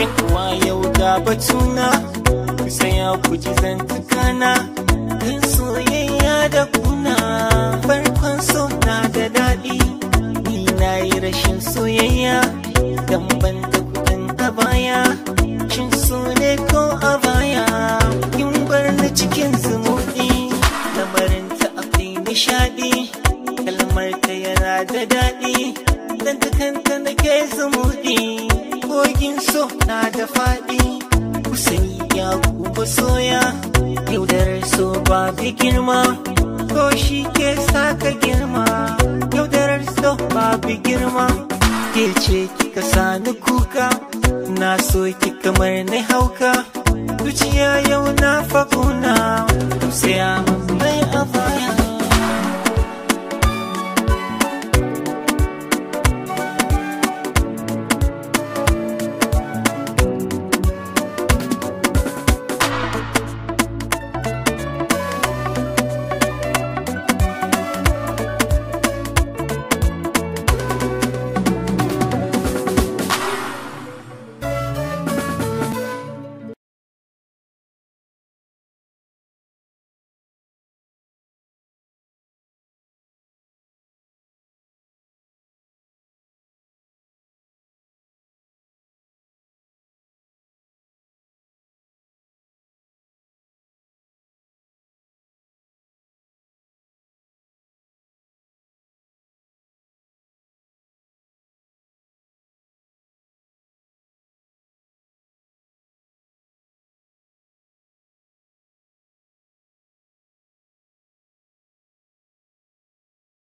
yan uwa yau ga batuna ku saya ku ji tukana in soyayya da kuna farkon so na da daɗi ni na yi rashin soyayya dan ban da kuɗin a baya cin so ne ko a baya kin bar ni cikin zumuɗi lamarin ta akwai nishaɗi kalmar ta yana da daɗi dan ta ke zumuɗi kogin so na da faɗi kusani ya kuma soya yaudar so ba bi girma ko shi ke saka girma yaudarar so ba bi girma ke ce kika sani kuka na so ki kamar na hauka duciya yau na fakuna sai